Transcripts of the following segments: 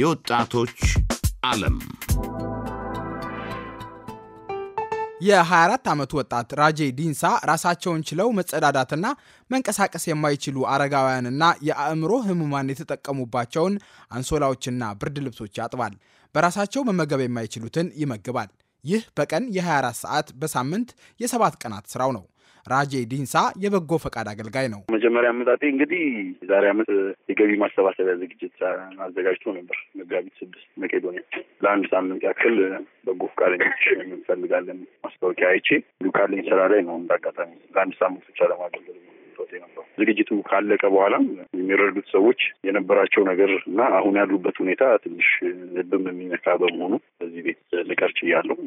የወጣቶች ዓለም የ24 ዓመቱ ወጣት ራጄ ዲንሳ ራሳቸውን ችለው መጸዳዳትና መንቀሳቀስ የማይችሉ አረጋውያንና የአእምሮ ህሙማን የተጠቀሙባቸውን አንሶላዎችና ብርድ ልብሶች ያጥባል። በራሳቸው መመገብ የማይችሉትን ይመግባል። ይህ በቀን የ24 ሰዓት በሳምንት የሰባት ቀናት ስራው ነው። ራጄ ዲንሳ የበጎ ፈቃድ አገልጋይ ነው። መጀመሪያ አመጣጤ እንግዲህ ዛሬ አመት የገቢ ማሰባሰቢያ ዝግጅት አዘጋጅቶ ነበር። መጋቢት ስድስት መቄዶኒያ ለአንድ ሳምንት ያክል በጎ ፈቃደኞች እንፈልጋለን ማስታወቂያ አይቼ ካለኝ ስራ ላይ ነው እንዳጋጣሚ ለአንድ ሳምንት ብቻ ለማገልገል ዝግጅቱ ካለቀ በኋላም የሚረዱት ሰዎች የነበራቸው ነገር እና አሁን ያሉበት ሁኔታ ትንሽ ልብም የሚነካ በመሆኑ በዚህ ቤት ልቀርች እያለው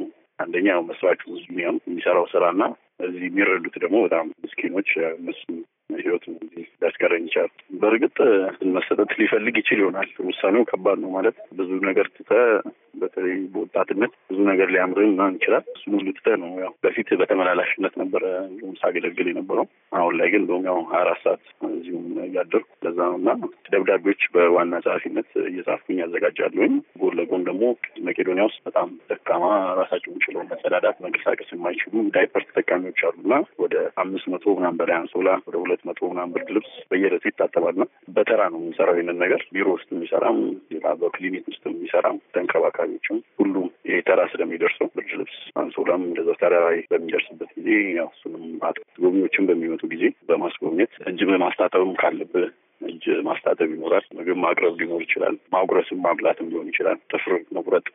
አንደኛ ያው መስራቹ የሚሰራው ስራና እዚህ የሚረዱት ደግሞ በጣም ምስኪኖች እነሱ ህይወቱ ሊያስቀረኝ ይቻል በእርግጥ መሰጠት ሊፈልግ ይችል ይሆናል። ውሳኔው ከባድ ነው ማለት ብዙ ነገር ትተ በተለይ በወጣትነት ብዙ ነገር ሊያምር ምናምን ይችላል። እሱን ሁሉ ነው ያው በፊት በተመላላሽነት ነበረ ሳገለግል የነበረው። አሁን ላይ ግን እንደውም ያው ሀያ አራት ሰዓት እዚሁም እያደርኩ ለዛ ነው እና ደብዳቤዎች በዋና ጸሐፊነት እየጻፍኩኝ ያዘጋጃለሁኝ። ጎን ለጎን ደግሞ መቄዶኒያ ውስጥ በጣም ደካማ ራሳቸውን ችለው መሰዳዳት መንቀሳቀስ የማይችሉ ዳይፐር ተጠቃሚዎች አሉና ወደ አምስት መቶ ምናምን በላይ አንሶላ ወደ ሁለት መቶ ምናምን ብርድ ልብስ በየዕለቱ ይታጠባል። እና በተራ ነው የምንሰራው ይንን ነገር ቢሮ ውስጥ የሚሰራም ሌላ በክሊኒክ ውስጥ የሚሰራም ተንከባካቢዎችም ሁሉም ይሄ ተራ ስለሚደርሰው ብርድ ልብስ፣ አንሶላም እንደዛ ተራ ላይ በሚደርስበት ጊዜ ያው እሱንም አጥ ጎብኚዎችን በሚመጡ ጊዜ በማስጎብኘት እጅ በማስታጠብም ካለብህ እጅ ማስታጠብ ይኖራል። ምግብ ማቅረብ ሊኖር ይችላል። ማጉረስም ማብላትም ሊሆን ይችላል። ጥፍር መቁረጥ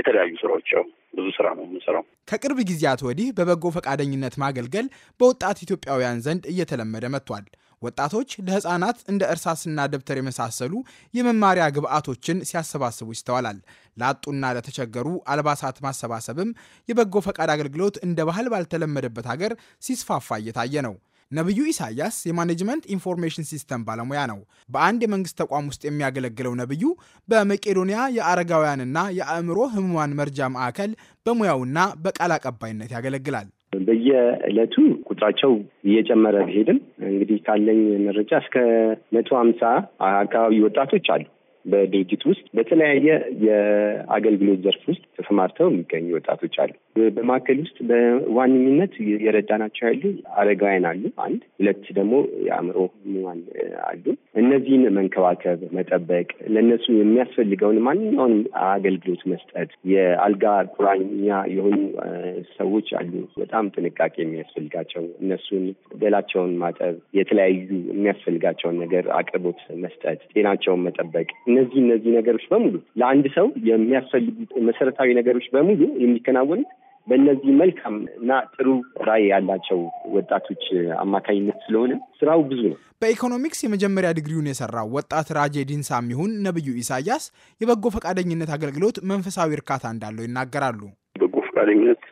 የተለያዩ ስራዎች ብዙ ስራ ነው የምንሰራው። ከቅርብ ጊዜያት ወዲህ በበጎ ፈቃደኝነት ማገልገል በወጣት ኢትዮጵያውያን ዘንድ እየተለመደ መጥቷል። ወጣቶች ለህፃናት እንደ እርሳስና ደብተር የመሳሰሉ የመማሪያ ግብዓቶችን ሲያሰባስቡ ይስተዋላል። ላጡና ለተቸገሩ አልባሳት ማሰባሰብም የበጎ ፈቃድ አገልግሎት እንደ ባህል ባልተለመደበት ሀገር ሲስፋፋ እየታየ ነው። ነቢዩ ኢሳያስ የማኔጅመንት ኢንፎርሜሽን ሲስተም ባለሙያ ነው። በአንድ የመንግስት ተቋም ውስጥ የሚያገለግለው ነቢዩ በመቄዶንያ የአረጋውያንና የአእምሮ ህሙማን መርጃ ማዕከል በሙያውና በቃል አቀባይነት ያገለግላል። በየዕለቱ ቁጥራቸው እየጨመረ ቢሄድም እንግዲህ ካለኝ መረጃ እስከ መቶ ሀምሳ አካባቢ ወጣቶች አሉ በድርጅት ውስጥ በተለያየ የአገልግሎት ዘርፍ ውስጥ ተሰማርተው የሚገኙ ወጣቶች አሉ። በማዕከል ውስጥ በዋነኝነት ናቸው ያሉ አረጋውያን አሉ። አንድ ሁለት ደግሞ የአእምሮ ህሙማን አሉ። እነዚህን መንከባከብ፣ መጠበቅ፣ ለእነሱ የሚያስፈልገውን ማንኛውንም አገልግሎት መስጠት፣ የአልጋ ቁራኛ የሆኑ ሰዎች አሉ። በጣም ጥንቃቄ የሚያስፈልጋቸው እነሱን ገላቸውን ማጠብ፣ የተለያዩ የሚያስፈልጋቸውን ነገር አቅርቦት መስጠት፣ ጤናቸውን መጠበቅ፣ እነዚህ እነዚህ ነገሮች በሙሉ ለአንድ ሰው የሚያስፈልጉ መሰረታዊ ነገሮች በሙሉ የሚከናወኑት በእነዚህ መልካም እና ጥሩ ራዕይ ያላቸው ወጣቶች አማካኝነት ስለሆነ ስራው ብዙ ነው። በኢኮኖሚክስ የመጀመሪያ ዲግሪውን የሰራው ወጣት ራጄ ዲንሳ የሚሆን ነብዩ ኢሳያስ የበጎ ፈቃደኝነት አገልግሎት መንፈሳዊ እርካታ እንዳለው ይናገራሉ። በጎ ፈቃደኝነት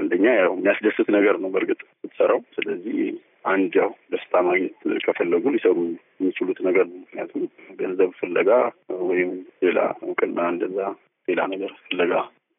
አንደኛ ያው የሚያስደስት ነገር ነው በእርግጥ ትሰራው ስለዚህ አንድ ያው ደስታ ማግኘት ከፈለጉ ሊሰሩ የሚችሉት ነገር ነው። ምክንያቱም ገንዘብ ፍለጋ ወይም ሌላ እውቅና እንደዛ ሌላ ነገር ፍለጋ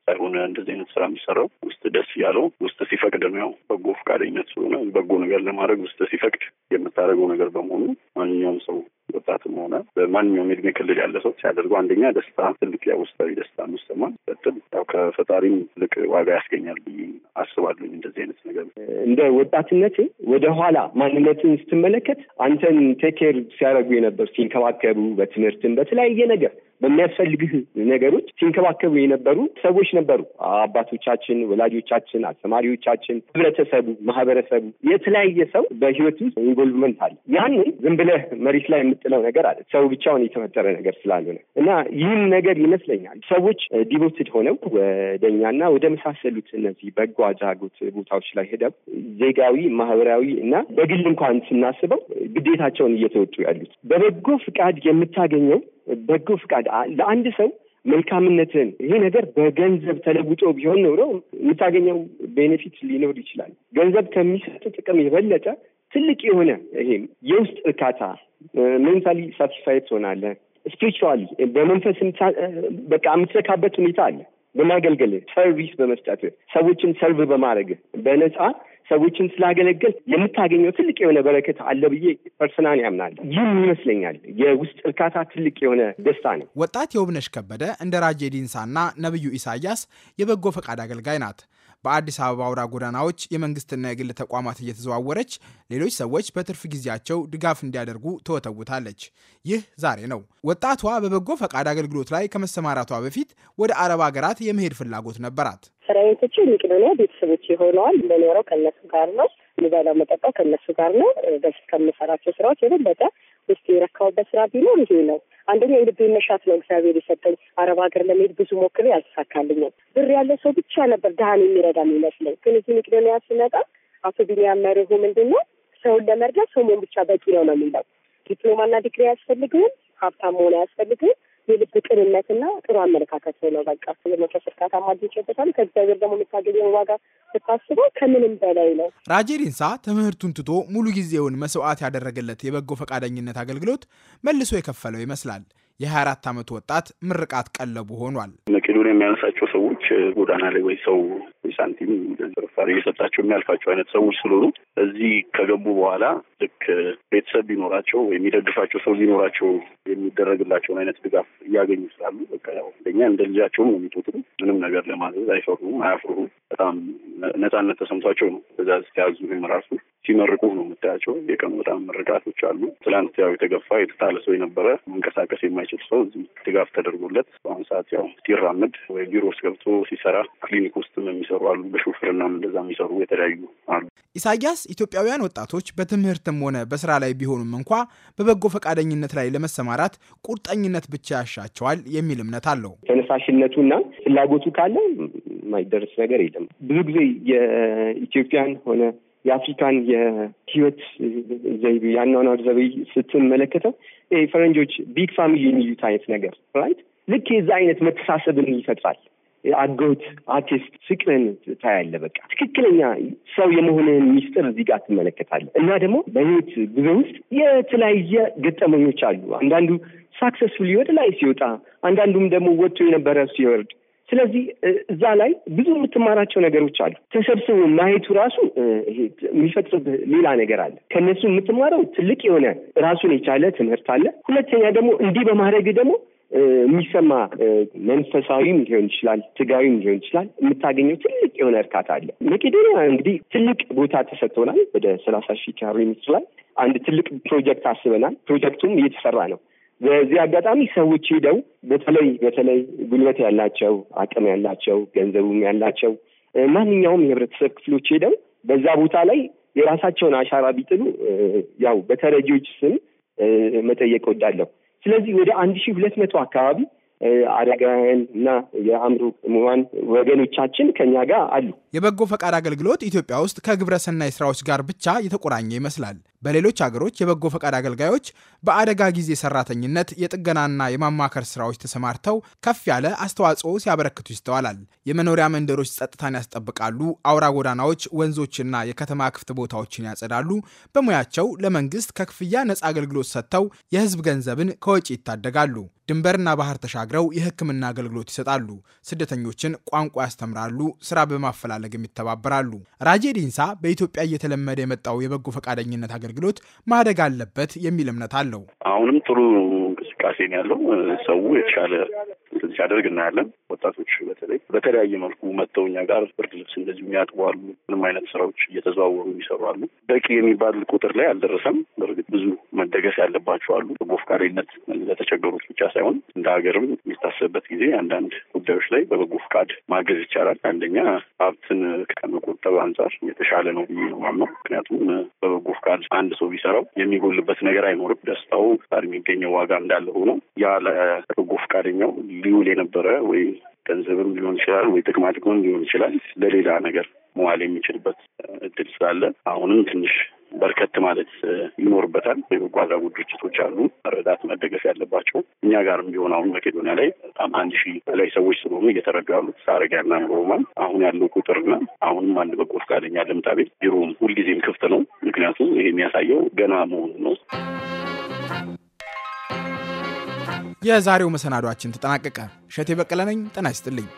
ሳይሆን እንደዚህ አይነት ስራ የሚሰራው ውስጥ ደስ እያለው ውስጥ ሲፈቅድ ነው። ያው በጎ ፈቃደኝነት ስለሆነ በጎ ነገር ለማድረግ ውስጥ ሲፈቅድ የምታደርገው ነገር በመሆኑ ማንኛውም ሰው ወጣትም ሆነ በማንኛውም የእድሜ ክልል ያለ ሰው ሲያደርገው አንደኛ ደስታ ትልቅ ያ ውስጣዊ ደስታ የሚሰማን በትል ያው ከፈጣሪም ትልቅ ዋጋ ያስገኛል ብዬ አስባለሁኝ። እንደዚህ አይነት ነገር እንደ ወጣትነት ወደ ኋላ ማንነትን ስትመለከት አንተን ቴክ ኬር ሲያደርጉ የነበር ሲንከባከቡ፣ በትምህርትም በተለያየ ነገር በሚያስፈልግህ ነገሮች ሲንከባከቡ የነበሩ ሰዎች ነበሩ። አባቶቻችን፣ ወላጆቻችን፣ አስተማሪዎቻችን፣ ህብረተሰቡ፣ ማህበረሰቡ፣ የተለያየ ሰው በህይወት ውስጥ ኢንቮልቭመንት አለ። ያንን ዝም ብለህ መሬት ላይ የምጥለው ነገር አለ ሰው ብቻውን የተፈጠረ ነገር ስላልሆነ እና ይህም ነገር ይመስለኛል ሰዎች ዲቮትድ ሆነው ወደኛና ወደ መሳሰሉት እነዚህ በጎ አድራጎት ቦታዎች ላይ ሄደው ዜጋዊ፣ ማህበራዊ እና በግል እንኳን ስናስበው ግዴታቸውን እየተወጡ ያሉት በበጎ ፍቃድ የምታገኘው በጎ ፍቃድ ለአንድ ሰው መልካምነትን ይሄ ነገር በገንዘብ ተለውጦ ቢሆን ኖሮ የምታገኘው ቤኔፊት ሊኖር ይችላል። ገንዘብ ከሚሰጥ ጥቅም የበለጠ ትልቅ የሆነ ይሄም የውስጥ እርካታ ሜንታሊ ሳቲስፋይድ ትሆናለህ። ስፒሪቹዋሊ በመንፈስ በቃ የምትረካበት ሁኔታ አለ። በማገልገል ሰርቪስ በመስጠት ሰዎችን ሰርቭ በማድረግ በነፃ ሰዎችን ስላገለገል የምታገኘው ትልቅ የሆነ በረከት አለ ብዬ ፐርሰናን ያምናል። ይህም ይመስለኛል የውስጥ እርካታ ትልቅ የሆነ ደስታ ነው። ወጣት የውብነሽ ከበደ እንደ ራጄ ዲንሳና ነብዩ ኢሳያስ የበጎ ፈቃድ አገልጋይ ናት። በአዲስ አበባ አውራ ጎዳናዎች የመንግስትና የግል ተቋማት እየተዘዋወረች ሌሎች ሰዎች በትርፍ ጊዜያቸው ድጋፍ እንዲያደርጉ ተወተውታለች። ይህ ዛሬ ነው። ወጣቷ በበጎ ፈቃድ አገልግሎት ላይ ከመሰማራቷ በፊት ወደ አረብ ሀገራት የመሄድ ፍላጎት ነበራት። ስራዬን ትቼ መቄዶንያ ቤተሰቦች የሆነዋል እንደኖረው ከነሱ ጋር ነው ምበላው መጠጣው ከነሱ ጋር ነው። በፊት ከምሰራቸው ስራዎች የበለጠ ውስጥ የረካውበት ስራ ቢኖር ይሄ ነው። አንደኛ የልብ መሻት ነው እግዚአብሔር የሰጠኝ። አረብ ሀገር ለመሄድ ብዙ ሞክሬ አልተሳካልኝም። ብር ያለ ሰው ብቻ ነበር ድሃን የሚረዳ የሚመስለኝ። ግን እዚህ መቄዶንያ ስመጣ አቶ ቢኒያም መርሁ ምንድን ነው ሰውን ለመርዳት ሰሞን ብቻ በቂ ነው ነው የሚለው። ዲፕሎማና ዲግሪ አያስፈልግም፣ ሀብታም መሆን አያስፈልግም የልብ ቅንነትና ጥሩ አመለካከት ነው። በቃ ስለ መንፈስ እርካታ ከእግዚአብሔር ደግሞ የምታገኘው ዋጋ ስታስበው ከምንም በላይ ነው። ራጄ ዲንሳ ትምህርቱን ትቶ ሙሉ ጊዜውን መስዋዕት ያደረገለት የበጎ ፈቃደኝነት አገልግሎት መልሶ የከፈለው ይመስላል። የ24 ዓመት ወጣት ምርቃት ቀለቡ ሆኗል። መቄዶን የሚያነሳቸው ሰዎች ጎዳና ላይ ወይ ሰው ሳንቲም ፍርፋሪ እየሰጣቸው የሚያልፋቸው አይነት ሰዎች ስለሆኑ እዚህ ከገቡ በኋላ ልክ ቤተሰብ ቢኖራቸው ወይም የሚደግፋቸው ሰው ቢኖራቸው የሚደረግላቸውን አይነት ድጋፍ እያገኙ ስላሉ በቃ ያው እንደ ልጃቸውም ነው ምንም ነገር ለማዘዝ አይፈሩም፣ አያፍሩም። በጣም ነጻነት ተሰምቷቸው ነው እዛ እስኪያዙ ራሱ ሲመርቁ ነው የምታያቸው። የቀን በጣም ምርቃቶች አሉ። ትላንት ያው የተገፋ የተጣለ ሰው የነበረ መንቀሳቀስ የማይችል ሰው እዚህ ድጋፍ ተደርጎለት በአሁኑ ሰዓት ያው ሲራምድ ወይ ቢሮ ውስጥ ገብቶ ሲሰራ ክሊኒክ ውስጥም የሚሰሩ አሉ። በሹፍርና እንደዛ የሚሰሩ የተለያዩ አሉ። ኢሳያስ ኢትዮጵያውያን ወጣቶች በትምህርትም ሆነ በስራ ላይ ቢሆኑም እንኳ በበጎ ፈቃደኝነት ላይ ለመሰማራት ቁርጠኝነት ብቻ ያሻቸዋል የሚል እምነት አለው። ተነሳሽነቱና ፍላጎቱ ካለ የማይደርስ ነገር የለም። ብዙ ጊዜ የኢትዮጵያን ሆነ የአፍሪካን የህይወት ዘይቤ የአኗኗር ዘይቤ ስትመለከተው ፈረንጆች ቢግ ፋሚሊ የሚሉት አይነት ነገር ራይት ልክ የዛ አይነት መተሳሰብን ይፈጥራል። አጎት አርቲስት ፍቅርን ታያለ በቃ ትክክለኛ ሰው የመሆንን ሚስጥር እዚህ ጋር ትመለከታለ እና ደግሞ በህይወት ጉዞ ውስጥ የተለያየ ገጠመኞች አሉ። አንዳንዱ ሳክሰስፉል ወደ ላይ ሲወጣ፣ አንዳንዱም ደግሞ ወጥቶ የነበረ ሲወርድ ስለዚህ እዛ ላይ ብዙ የምትማራቸው ነገሮች አሉ። ተሰብስቦ ማየቱ ራሱ የሚፈጥርብህ ሌላ ነገር አለ። ከእነሱ የምትማረው ትልቅ የሆነ ራሱን የቻለ ትምህርት አለ። ሁለተኛ ደግሞ እንዲህ በማድረግ ደግሞ የሚሰማ መንፈሳዊም ሊሆን ይችላል፣ ስጋዊም ሊሆን ይችላል። የምታገኘው ትልቅ የሆነ እርካታ አለ። መቄዶኒያ እንግዲህ ትልቅ ቦታ ተሰጥቶናል። ወደ ሰላሳ ሺህ ካሬ ሜትር ላይ አንድ ትልቅ ፕሮጀክት አስበናል። ፕሮጀክቱም እየተሰራ ነው። በዚህ አጋጣሚ ሰዎች ሄደው በተለይ በተለይ ጉልበት ያላቸው አቅም ያላቸው ገንዘቡም ያላቸው ማንኛውም የህብረተሰብ ክፍሎች ሄደው በዛ ቦታ ላይ የራሳቸውን አሻራ ቢጥሉ ያው በተረጂዎች ስም መጠየቅ ወዳለሁ። ስለዚህ ወደ አንድ ሺህ ሁለት መቶ አካባቢ አረጋውያን እና የአእምሮ ሕሙማን ወገኖቻችን ከኛ ጋር አሉ። የበጎ ፈቃድ አገልግሎት ኢትዮጵያ ውስጥ ከግብረሰናይ ስራዎች ጋር ብቻ የተቆራኘ ይመስላል። በሌሎች አገሮች የበጎ ፈቃድ አገልጋዮች በአደጋ ጊዜ ሰራተኝነት የጥገናና የማማከር ስራዎች ተሰማርተው ከፍ ያለ አስተዋጽኦ ሲያበረክቱ ይስተዋላል። የመኖሪያ መንደሮች ጸጥታን ያስጠብቃሉ፣ አውራ ጎዳናዎች፣ ወንዞችና የከተማ ክፍት ቦታዎችን ያጸዳሉ። በሙያቸው ለመንግስት ከክፍያ ነፃ አገልግሎት ሰጥተው የህዝብ ገንዘብን ከወጪ ይታደጋሉ። ድንበርና ባህር ተሻግረው የህክምና አገልግሎት ይሰጣሉ። ስደተኞችን ቋንቋ ያስተምራሉ፣ ስራ በማፈላለግም ይተባበራሉ። ራጄ ዲንሳ በኢትዮጵያ እየተለመደ የመጣው የበጎ ፈቃደኝነት አገልግሎት ማደግ አለበት የሚል እምነት አለው። አሁንም ጥሩ እንቅስቃሴ ነው ያለው። ሰው የተሻለ ሲያደርግ እናያለን። ወጣቶች በተለይ በተለያየ መልኩ መጥተው እኛ ጋር ብርድ ልብስ እንደዚህ የሚያጥቡ አሉ። ምንም አይነት ስራዎች እየተዘዋወሩ የሚሰሩ አሉ። በቂ የሚባል ቁጥር ላይ አልደረሰም። በእርግጥ ብዙ መደገፍ ያለባቸው አሉ። በጎ ፈቃደኝነት ለተቸገሩት ብቻ ሳይሆን እንደ ሀገርም የሚታሰብበት ጊዜ አንዳንድ ጉዳዮች ላይ በበጎ ፈቃድ ማገዝ ይቻላል። አንደኛ ሀብትን ከመቆጠብ አንጻር የተሻለ ነው ብዬ ነው ምክንያቱም በበጎ ፈቃድ አንድ ሰው ቢሰራው የሚጎልበት ነገር አይኖርም። ደስታው የሚገኘው ዋጋ እንዳለ ሆኖ ያ ለበጎ ፈቃደኛው ሊውል የነበረ ወይ ገንዘብም ሊሆን ይችላል ወይ ጥቅማ ጥቅምም ሊሆን ይችላል ለሌላ ነገር መዋል የሚችልበት እድል ስላለ አሁንም ትንሽ በርከት ማለት ይኖርበታል። የበጎ አድራጎት ድርጅቶች አሉ መረዳት መደገፍ ያለባቸው። እኛ ጋርም ቢሆን አሁን መኬዶኒያ ላይ በጣም አንድ ሺህ በላይ ሰዎች ስለሆኑ እየተረዱ ያሉት ሳረጊያና ሮማን አሁን ያለው ቁጥርና አሁንም አንድ በጎ ፈቃደኛ ልምጣ ቤት ቢሮም ሁልጊዜም ክፍት ነው። ምክንያቱም ይሄ የሚያሳየው ገና መሆኑ ነው። የዛሬው መሰናዷችን ተጠናቀቀ። እሸቴ በቀለ ነኝ። ጤና ይስጥልኝ።